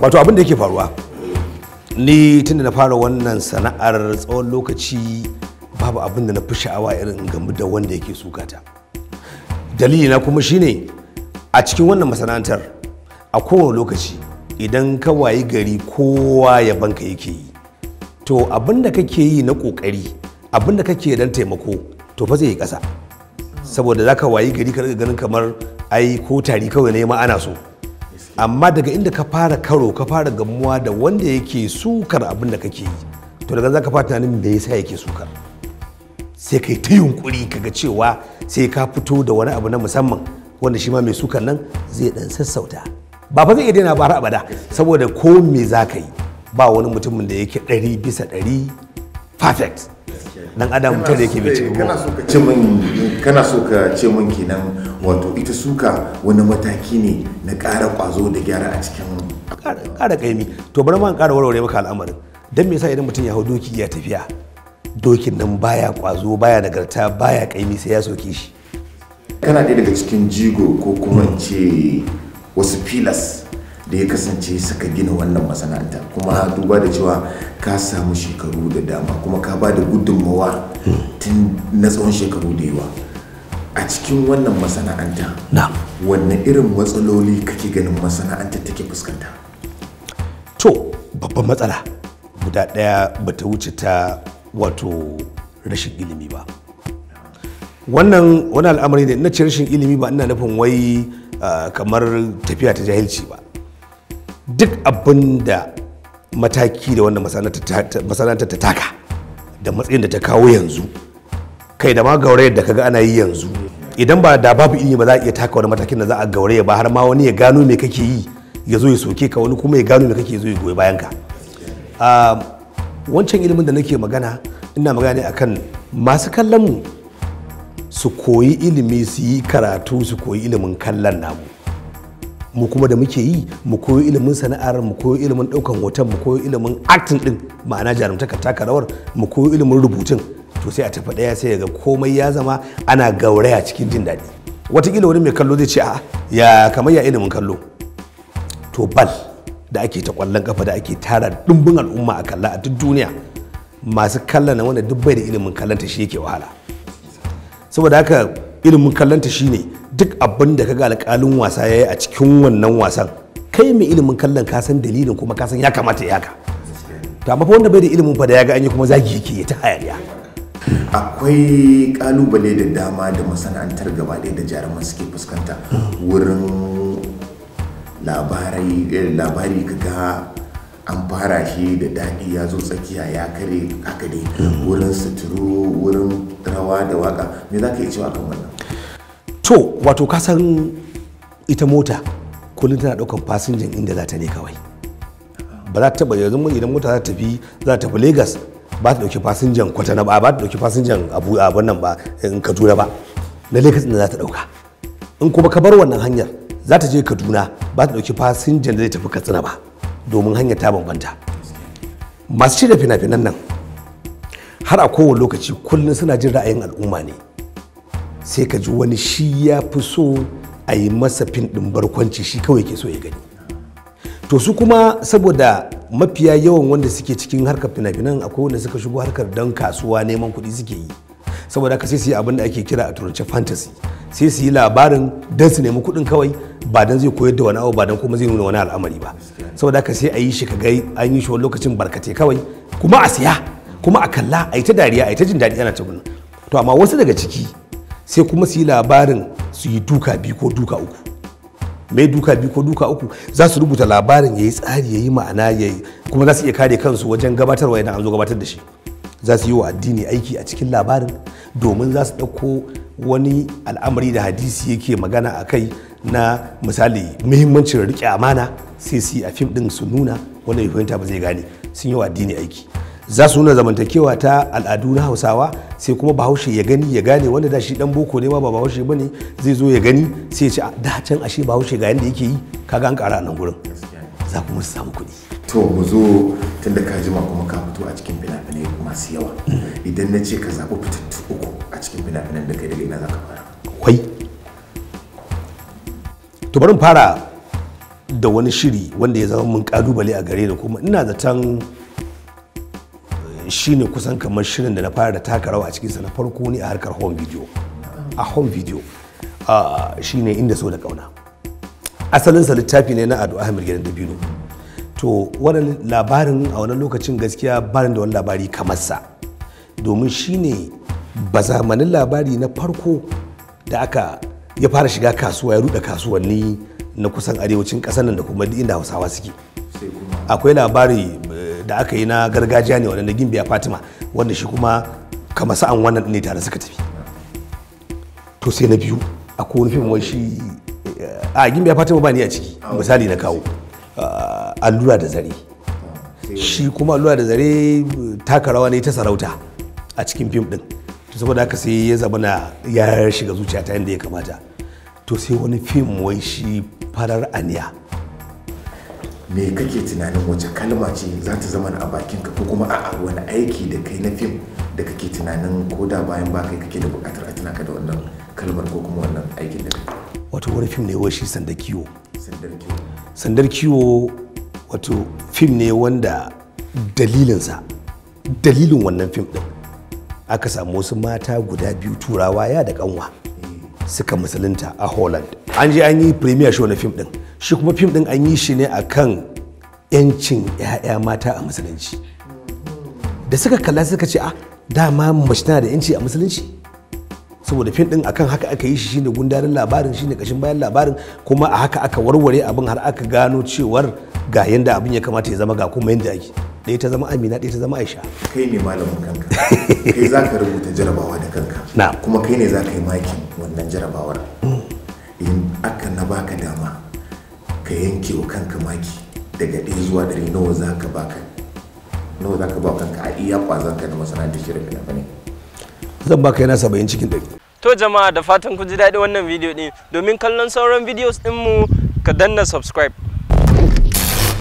wato abin da yake faruwa ni tunda na fara wannan sana'ar tsawon lokaci babu abin da na fi sha'awa irin gamu da wanda yake sukata dalili na kuma shine a cikin wannan masana'antar a kowane lokaci idan ka wayi gari kowa ya banka yake yi to abin da kake yi na kokari abin da kake dan taimako to fa zai yi ƙasa saboda za ka wayi gari ka ganin kamar ai ko tari kawai ne ma ana so amma daga inda ka fara karo ka fara gamuwa da wanda yake sukar abin da kake yi to daga za ka fara tunanin me yasa yake sukar sai kai ta yunkuri kaga cewa sai ka fito da wani abu na musamman wanda shi ma mai sukar nan zai dan sassauta ba fa zai iya daina bara abada saboda ko me za ka yi ba wani mutumin da yake ɗari bisa ɗari perfect dan adam mutum da yake bincike kana so ka ce min kana so ka ce min kenan wato ita suka wani mataki ne na ƙara ƙwazo da gyara a cikin ƙara ƙaimi to bari ma ƙara warware maka al'amarin dan me yasa idan mutum ya hau doki ya tafiya dokin nan baya kwazo baya nagarta baya ƙaimi sai ya soke shi kana ɗaya daga cikin jigo ko kuma ce wasu filas da ya kasance suka gina wannan masana'anta kuma duba da cewa ka samu shekaru da dama kuma ka ba da gudunmawa tun na tsawon shekaru da yawa a cikin wannan masana'anta wanne irin matsaloli kake ganin masana'anta take fuskanta to babban matsala guda ɗaya ba ta wuce ta wato rashin ilimi ba wannan wani al'amari da na ce rashin ilimi ba ina nufin wai ah, kamar tafiya ta jahilci ba duk abin da mataki da wannan masana ta taka da matsayin da ta kawo yanzu kai da ma gauraya da kaga ana yi yanzu idan ba da babu ilimi ba za a iya taka wani matakin da za a gauraya ba har ma wani ya gano me kake yi ya zo ya soke ka wani kuma ya gano me kake zo ya goyi bayan ka ah, wancan ilimin da nake magana ina magana ne akan masu kallon mu su koyi ilimi su yi karatu su koyi ilimin kallon namu mu kuma da muke yi mu koyo ilimin sana'ar mu koyo ilimin daukan hoton mu koyo ilimin acting din ma'ana jarumtaka taka rawar mu koyo ilimin rubutun to sai a tafi daya sai ga komai ya zama ana gauraya cikin jin daɗi watakila wani mai kallo zai ce a ya kamar ya ilimin kallo to bal da ake ta kwallon kafa da ake tara dumbin al'umma a kalla a duk duniya masu kallon wanda duk bai da ilimin kallon ta shi yake wahala saboda haka ilimin kallonta shine duk abin da kaga alƙalin wasa yayi a cikin wannan wasan kai mai ilimin kallon ka san dalilin kuma ka san ya kamata ya ka to amma fa wanda bai da ilimin fa da ya ga an yi kuma zagi yake ta hayaniya akwai kalubale da dama da masana'antar gaba ɗaya da jaruman suke fuskanta wurin labarai eh, labari kaga an fara shi da daɗi ya zo tsakiya ya kare haka dai wurin suturu wurin rawa da waka me za ka yi cewa kan wannan to wato ka san ita mota kullum tana ɗaukan fasinjan inda za ta ne kawai ba za ta taɓa yanzu idan mota za ta tafi za ta tafi lagos ba ta ɗauki fasinjan kwatana ba ba ta ɗauki fasinjan abu a wannan ba in kaduna ba na lagos ɗin za ta ɗauka in kuma ka bar wannan hanyar za ta je kaduna ba ta ɗauki fasinjan da zai tafi katsina ba domin hanyar ta bambanta masu shirya fina-finan nan har a kowane lokaci kullum suna jin ra'ayin al'umma ne sai ka ji wani shi ya fi so a yi masa fin ɗin barkwanci shi kawai ke so ya gani to su kuma saboda mafiya yawan wanda suke cikin harkar fina-finan akwai wanda suka shigo harkar don kasuwa neman kuɗi suke yi saboda haka sai su yi abin da ake kira a turance fantasy sai su yi labarin don su nemi kuɗin kawai ba don zai koyar da wani abu ba don kuma zai nuna wani al'amari ba saboda haka sai ayi yi shi ka ga an yi shi wani lokacin barkate kawai kuma a siya kuma a kalla a yi ta dariya a yi ta jin daɗi ana ta to amma wasu daga ciki sai kuma su yi labarin su yi duka biyu ko duka uku mai duka biyu ko duka uku za su rubuta labarin ya yi tsari ya yi ma'ana ya kuma za su iya kare kansu wajen gabatarwa idan an zo gabatar da shi za su yi wa addini aiki a cikin labarin domin za su ɗauko wani al'amari da hadisi yake magana a kai na misali muhimmancin riƙe amana sai su yi a fim ɗin su nuna wanda ya fahimta ba zai gane sun yi wa addini aiki za su nuna zamantakewa ta al'adu na hausawa sai kuma bahaushe ya gani ya gane wanda da shi dan boko ne ma ba bahaushe ba ne zai zo ya gani sai ya ce da can ashe bahaushe ga yanda yake yi kaga an kara a nan gurin za kuma su samu kuɗi to mu zo tun da ka jima kuma ka fito a cikin fina-finai masu yawa idan na ce ka zaɓi fitattu uku a cikin fina-finan da kai daga ina za ka fara wai to bari fara da wani shiri wanda ya zama mun kalubale a gare da kuma ina da zaton eh, shine kusan kamar shirin da na fara da taka rawa a cikinsa na farko ne a harkar home video a home video ah, shine inda so da kauna asalin sa littafi ne na ado ahmed gidan dabino to wannan labarin a wannan lokacin gaskiya barin da wani labari kamar sa domin shine zamanin labari na farko da aka ya fara shiga kasuwa ya ruɗa kasuwanni na kusan arewacin ƙasar nan da kuma inda hausawa suke akwai labari eh, da aka yi na gargajiya ne wanda gimbiya fatima wanda shi kuma kama sa'an wannan ne tare suka tafi to sai na biyu akwai wani fim wai shi eh, a gimbiya fatima ba ni a ciki misali na kawo ah, allura da zare ah, shi kuma allura da zare taka rawa ne ta sarauta a cikin fim din saboda haka sai ya zama na ya shiga zuciya ta yadda ya kamata to sai wani fim wai shi farar aniya me kake tunanin wace kalma ce za ta zama a bakinka ko kuma a wani aiki da kai na fim da kake tunanin ko da bayan ba kai kake da bukatar a tunaka da wannan kalmar ko kuma wannan aikin da wato wani fim ne wai shi sandar kiwo sandar kiwo sandar kiwo wato fim ne wanda dalilinsa dalilin wannan fim ɗin aka samu wasu mata guda biyu turawa ya da kanwa suka musulunta a holland an je an yi premier show na fim ɗin shi kuma fim ɗin an yi shi ne a kan 'yancin 'ya'ya mata a musulunci da suka kalla suka ce a ah, dama mace tana da 'yanci a musulunci saboda fim din akan haka aka yi shi shine gundarin labarin shine kashin bayan labarin kuma a haka aka warware abin har aka gano cewar ga yanda abin ya kamata ya zama ga kuma yanda ake ɗaya ta zama amina ɗaya ta zama aisha kai ne malamin kanka kai za ka rubuta jarabawa da kanka kuma kai ne za ka yi makin wannan jarabawar in aka na baka dama ka yanke wa kanka maki daga ɗaya zuwa ɗari nawa za ka baka nawa za ka ba kanka a iya kwazon ka da masana'antar shirin fina-finai zan baka yana saba'in cikin ɗari to jama'a da fatan kun ji daɗin wannan bidiyo ɗin domin kallon sauran videos ɗinmu ka danna subscribe